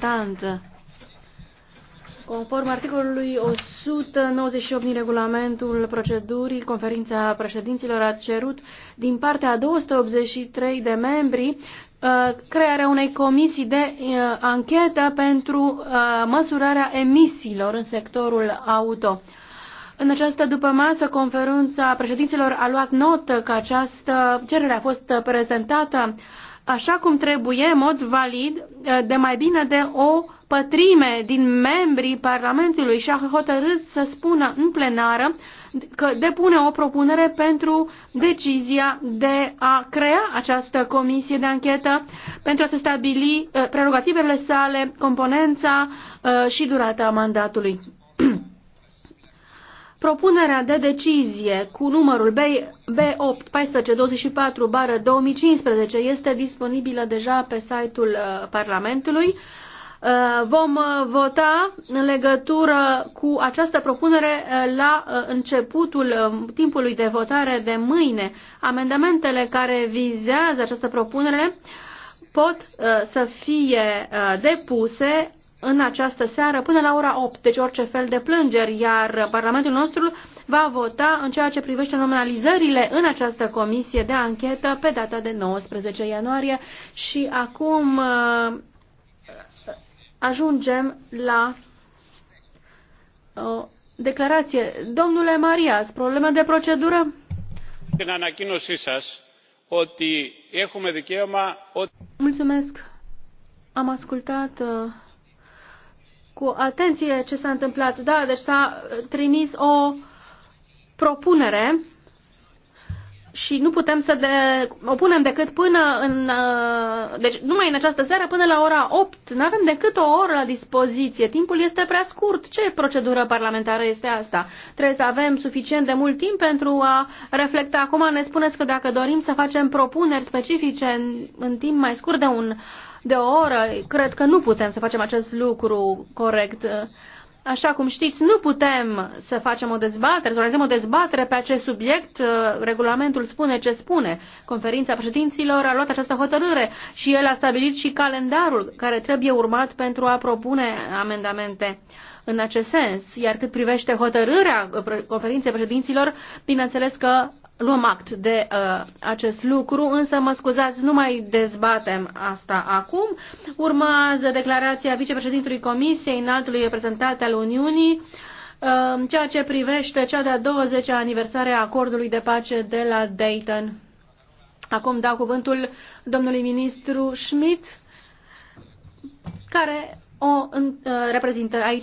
importantă. Conform articolului 198 din regulamentul procedurii, conferința președinților a cerut din partea a 283 de membri uh, crearea unei comisii de uh, anchetă pentru uh, măsurarea emisiilor în sectorul auto. În această dupămasă, conferința președinților a luat notă că această cerere a fost prezentată așa cum trebuie, în mod valid, Eh, de mai bine de o pătrime din membrii Parlamentului și a hotărât să spună în plenară că depune o propunere pentru decizia de a crea această comisie de anchetă pentru a se stabili eh, prerogativele sale, componența eh, și durata mandatului. Propunerea de decizie cu numărul B8 1424 2015 este disponibilă deja pe site-ul uh, Parlamentului. Uh, vom uh, vota în legătură cu această propunere la începutul um, timpului de votare de mâine. Amendamentele care vizează această propunere pot să fie depuse în această seară până la ora 8, deci orice fel de plângeri, iar Parlamentul nostru va vota în ceea ce privește nominalizările în această comisie de anchetă pe data de 19 ianuarie și acum uh, ajungem la o uh, declarație. Domnule Marias, probleme de procedură? Mulțumesc. Am ascultat uh, cu atenție ce s-a întâmplat. Da, deci s-a trimis o propunere și nu putem să de, o punem decât până în... Uh, deci numai în această seară până la ora 8. Nu avem decât o oră la dispoziție. Timpul este prea scurt. Ce procedură parlamentară este asta? Trebuie să avem suficient de mult timp pentru a reflecta. Acum ne spuneți că dacă dorim să facem propuneri specifice în, în timp mai scurt de, un, de o oră, cred că nu putem să facem acest lucru corect. Uh, Așa cum știți, nu putem să facem o dezbatere, să realizăm o dezbatere pe acest subiect. Uh, regulamentul spune ce spune. Conferința președinților a luat această hotărâre și el a stabilit și calendarul care trebuie urmat pentru a propune amendamente în acest sens. Iar cât privește hotărârea uh, conferinței președinților, bineînțeles că luăm act de uh, acest lucru, însă mă scuzați, nu mai dezbatem asta acum. Urmează declarația vicepreședintului Comisiei, înaltului reprezentant al Uniunii, uh, ceea ce privește cea de-a 20-a aniversare a acordului de pace de la Dayton. Acum dau cuvântul domnului ministru Schmidt, care o uh, reprezintă aici